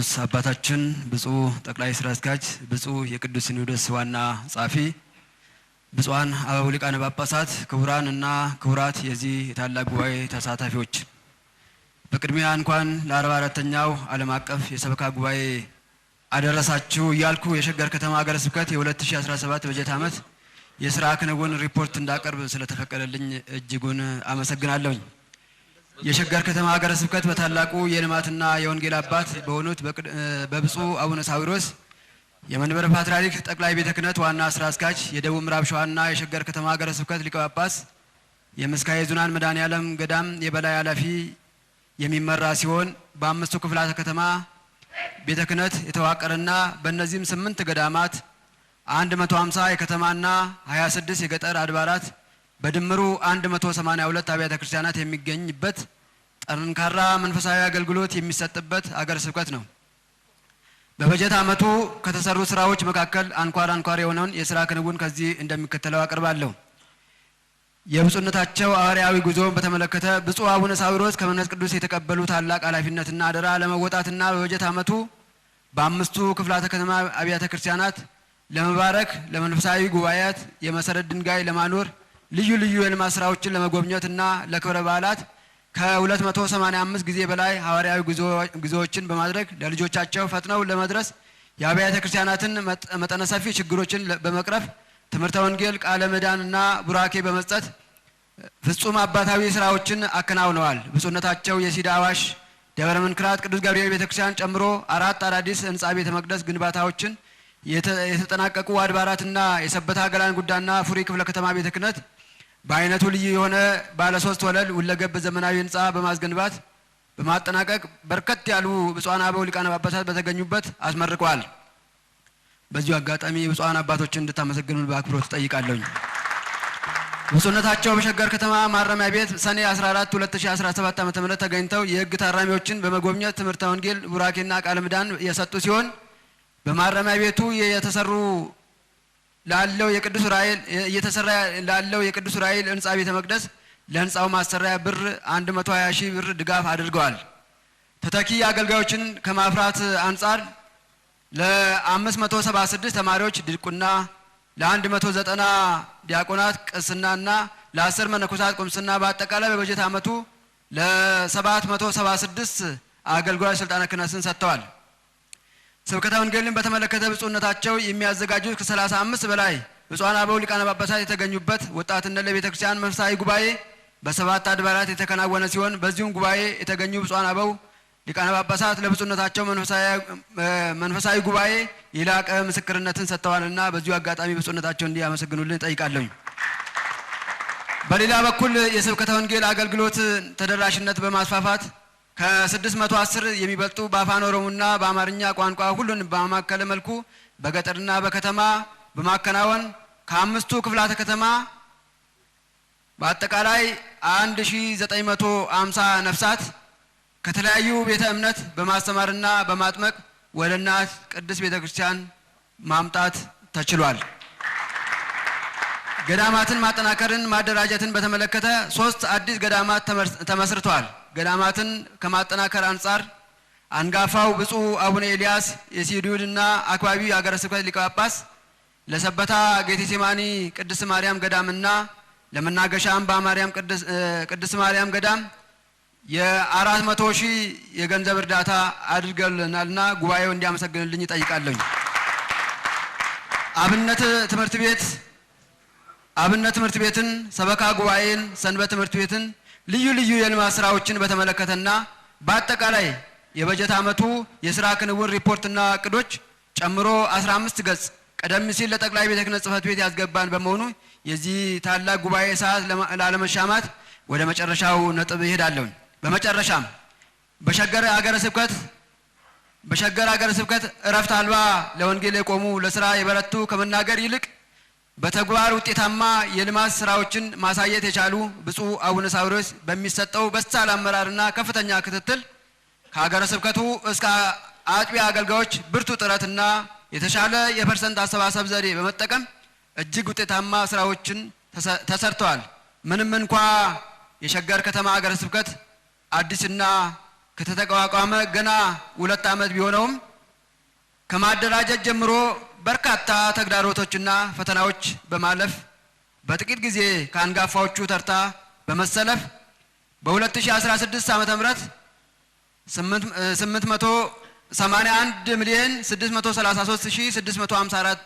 ቅዱስ አባታችን ብፁዕ ጠቅላይ ስራ አስኪያጅ፣ ብፁዕ የቅዱስ ሲኖዶስ ዋና ጸሐፊ፣ ብፁዓን አበው ሊቃነ ጳጳሳት፣ ክቡራን እና ክቡራት የዚህ የታላቅ ጉባኤ ተሳታፊዎች በቅድሚያ እንኳን ለአርባ አራተኛው ዓለም አቀፍ የሰበካ ጉባኤ አደረሳችሁ እያልኩ የሸገር ከተማ ሀገረ ስብከት የ2017 በጀት ዓመት የስራ ክንውን ሪፖርት እንዳቀርብ ስለተፈቀደልኝ እጅጉን አመሰግናለሁኝ። የሸገር ከተማ ሀገረ ስብከት በታላቁ የልማትና የወንጌል አባት በሆኑት በብፁዕ አቡነ ሳዊሮስ የመንበረ ፓትርያርክ ጠቅላይ ቤተ ክህነት ዋና ስራ አስኪያጅ የደቡብ ምዕራብ ሸዋና የሸገር ከተማ ሀገረ ስብከት ሊቀ ጳጳስ የምስካየ ኅዙናን መድኃኔዓለም ገዳም የበላይ ኃላፊ የሚመራ ሲሆን በአምስቱ ክፍላተ ከተማ ቤተ ክህነት የተዋቀረና በእነዚህም ስምንት ገዳማት 150 የከተማና 26 የገጠር አድባራት በድምሩ 182 አብያተ ክርስቲያናት የሚገኝበት ጠንካራ መንፈሳዊ አገልግሎት የሚሰጥበት አገረ ስብከት ነው። በበጀት ዓመቱ ከተሰሩ ስራዎች መካከል አንኳር አንኳር የሆነውን የስራ ክንውን ከዚህ እንደሚከተለው አቀርባለሁ። የብፁዕነታቸው ሐዋርያዊ ጉዞን በተመለከተ ብፁዕ አቡነ ሳዊሮስ ከመንፈስ ቅዱስ የተቀበሉ ታላቅ ኃላፊነትና አደራ ለመወጣትና በበጀት ዓመቱ በአምስቱ ክፍላተ ከተማ አብያተ ክርስቲያናት ለመባረክ ለመንፈሳዊ ጉባኤያት የመሰረት ድንጋይ ለማኖር ልዩ ልዩ የልማት ስራዎችን ለመጎብኘት እና ለክብረ በዓላት ከ285 ጊዜ በላይ ሐዋርያዊ ጉዞዎችን በማድረግ ለልጆቻቸው ፈጥነው ለመድረስ የአብያተ ክርስቲያናትን መጠነ ሰፊ ችግሮችን በመቅረፍ ትምህርተ ወንጌል፣ ቃለ ምዕዳን እና ቡራኬ በመስጠት ፍጹም አባታዊ ስራዎችን አከናውነዋል። ብፁዕነታቸው የሲዳ አዋሽ፣ ደብረ ምንክራት ቅዱስ ገብርኤል ቤተ ክርስቲያን ጨምሮ አራት አዳዲስ ህንፃ ቤተ መቅደስ ግንባታዎችን የተጠናቀቁ አድባራትና የሰበታ ገላን ጉዳና ፉሪ ክፍለ ከተማ ቤተ ክህነት በአይነቱ ልዩ የሆነ ባለ ሶስት ወለል ሁለገብ ዘመናዊ ህንፃ በማስገንባት በማጠናቀቅ በርከት ያሉ ብፁዓን አበው ሊቃነ ጳጳሳት በተገኙበት አስመርቀዋል። በዚሁ አጋጣሚ ብፁዓን አባቶችን እንድታመሰግኑን በአክብሮት ጠይቃለሁኝ። ብፁዕነታቸው በሸገር ከተማ ማረሚያ ቤት ሰኔ 14 2017 ም ተገኝተው የህግ ታራሚዎችን በመጎብኘት ትምህርተ ወንጌል ቡራኬና ቃለ ምዕዳን የሰጡ ሲሆን በማረሚያ ቤቱ የተሰሩ ላለው የቅዱስ ዑራኤል እየተሰራ ላለው የቅዱስ ራኤል ህንጻ ቤተ መቅደስ ለህንጻው ማሰሪያ ብር 120 ሺህ ብር ድጋፍ አድርገዋል። ተተኪ አገልጋዮችን ከማፍራት አንጻር ለ576 ተማሪዎች ድቁና፣ ለ190 ዲያቆናት ቅስናና ለ10 መነኮሳት ቁምስና በአጠቃላይ በበጀት ዓመቱ ለ776 አገልጋዮች ስልጣነ ክህነትን ሰጥተዋል። ስብከተ ወንጌልን በተመለከተ ብፁዕነታቸው የሚያዘጋጁት ከ35 በላይ ብፁዓን አበው ሊቃነ ጳጳሳት የተገኙበት ወጣትነት ለቤተ ክርስቲያን መንፈሳዊ ጉባኤ በሰባት አድባራት የተከናወነ ሲሆን በዚሁም ጉባኤ የተገኙ ብፁዓን አበው ሊቃነ ጳጳሳት ለብፁዕነታቸው መንፈሳዊ ጉባኤ የላቀ ምስክርነትን ሰጥተዋልና በዚሁ አጋጣሚ ብፁዕነታቸው እንዲያመሰግኑልን እጠይቃለሁ። በሌላ በኩል የስብከተ ወንጌል አገልግሎት ተደራሽነት በማስፋፋት ከ610 የሚበልጡ በአፋን ኦሮሞና በአማርኛ ቋንቋ ሁሉን በማማከለ መልኩ በገጠርና በከተማ በማከናወን ከአምስቱ ክፍላተ ከተማ በአጠቃላይ 1950 ነፍሳት ከተለያዩ ቤተ እምነት በማስተማርና በማጥመቅ ወደ እናት ቅድስት ቤተ ክርስቲያን ማምጣት ተችሏል። ገዳማትን ማጠናከርን ማደራጀትን በተመለከተ ሶስት አዲስ ገዳማት ተመስርተዋል። ገዳማትን ከማጠናከር አንጻር አንጋፋው ብፁዕ አቡነ ኤልያስ የሲዲዩድና አካባቢ አገረ ስብከት ሊቀ ጳጳስ ለሰበታ ጌቴሴማኒ ቅድስት ማርያም ገዳምና ለመናገሻ አምባ ማርያም ቅድስት ማርያም ገዳም የአራት መቶ ሺህ የገንዘብ እርዳታ አድርገልናልና ጉባኤው እንዲያመሰግንልኝ ይጠይቃለኝ። አብነት ትምህርት ቤት አብነት ትምህርት ቤትን፣ ሰበካ ጉባኤን፣ ሰንበት ትምህርት ቤትን ልዩ ልዩ የልማት ስራዎችን በተመለከተና በአጠቃላይ የበጀት ዓመቱ የስራ ክንውን ሪፖርትና እቅዶች ጨምሮ 15 ገጽ ቀደም ሲል ለጠቅላይ ቤተ ክህነት ጽሕፈት ቤት ያስገባን በመሆኑ የዚህ ታላቅ ጉባኤ ሰዓት ላለመሻማት ወደ መጨረሻው ነጥብ ይሄዳለሁ። በመጨረሻም በሸገር አገረ ስብከት በሸገር ሀገረ ስብከት እረፍት አልባ ለወንጌል የቆሙ ለስራ የበረቱ ከመናገር ይልቅ በተግባር ውጤታማ የልማት ስራዎችን ማሳየት የቻሉ ብፁዕ አቡነ ሳዊሮስ በሚሰጠው በሳል አመራርና ከፍተኛ ክትትል ከሀገረ ስብከቱ እስከ አጥቢያ አገልጋዮች ብርቱ ጥረትና የተሻለ የፐርሰንት አሰባሰብ ዘዴ በመጠቀም እጅግ ውጤታማ ስራዎችን ተሰርተዋል። ምንም እንኳ የሸገር ከተማ ሀገረ ስብከት አዲስና ከተተቋቋመ ገና ሁለት ዓመት ቢሆነውም ከማደራጀት ጀምሮ በርካታ ተግዳሮቶችና ፈተናዎች በማለፍ በጥቂት ጊዜ ከአንጋፋዎቹ ተርታ በመሰለፍ በ2016 ዓ ም 881 ሚሊዮን 633654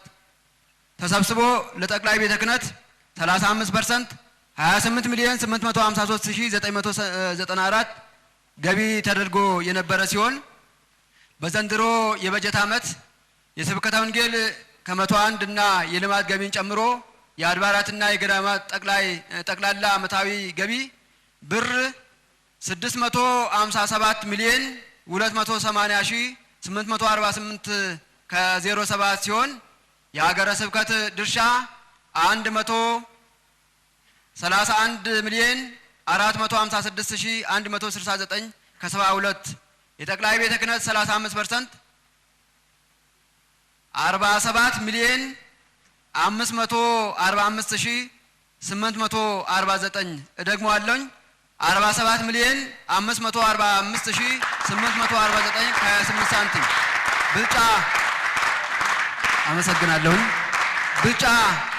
ተሰብስቦ ለጠቅላይ ቤተ ክህነት 35 ፐርሰንት 28 ሚሊዮን 853994 ገቢ ተደርጎ የነበረ ሲሆን በዘንድሮ የበጀት ዓመት የስብከተ ወንጌል ከመቶ አንድ እና የልማት ገቢን ጨምሮ የአድባራትና የገዳማት ጠቅላይ ጠቅላላ ዓመታዊ ገቢ ብር 657 ሚሊዮን 280 ሺ 848 ከ07 ሲሆን የሀገረ ስብከት ድርሻ 131 ሚሊዮን 456 ሺ 169 ከ72 የጠቅላይ ቤተ ክህነት 35 ፐርሰንት አርባ ሰባት ሚሊዮን አምስት መቶ አርባ አምስት ሺ ስምንት መቶ አርባ ዘጠኝ አርባ ሰባት ሚሊዮን አምስት መቶ አርባ አምስት ሺ ስምንት መቶ አርባ ዘጠኝ ከሀያ ስምንት ሳንቲም ብልጫ አመሰግናለሁኝ። ብልጫ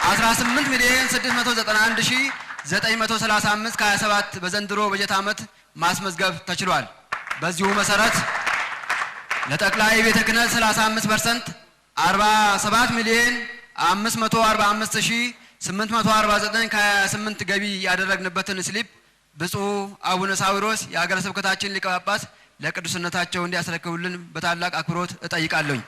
18 ሚሊዮን 691 ሺህ 935 27 በዘንድሮ በጀት ዓመት ማስመዝገብ ተችሏል። በዚሁ መሰረት ለጠቅላይ ቤተ ክህነት 35 ፐርሰንት 47 ሚሊዮን 545849 ከ28 ገቢ ያደረግንበትን ስሊፕ ብፁዕ አቡነ ሳዊሮስ የሀገረ ስብከታችን ሊቀ ጳጳስ ለቅዱስነታቸው እንዲያስረክቡልን በታላቅ አክብሮት እጠይቃለሁኝ።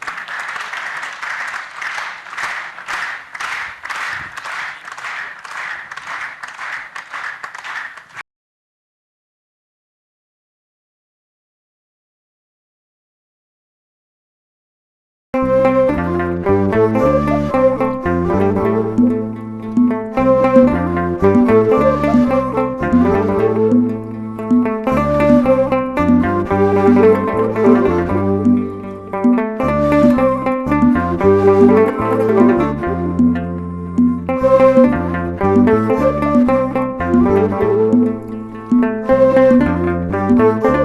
thank you